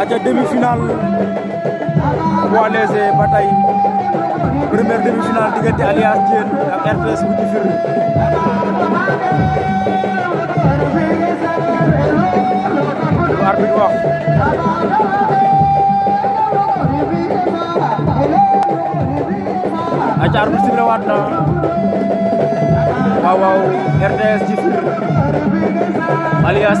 aca demi-finale poids léger ba tey première demi-finale diggante Alias Diène ak RTS bu Djifiri arbitre wax aca arbitre sifflé waat na waaw waaw RTS Djifiri Alias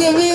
give me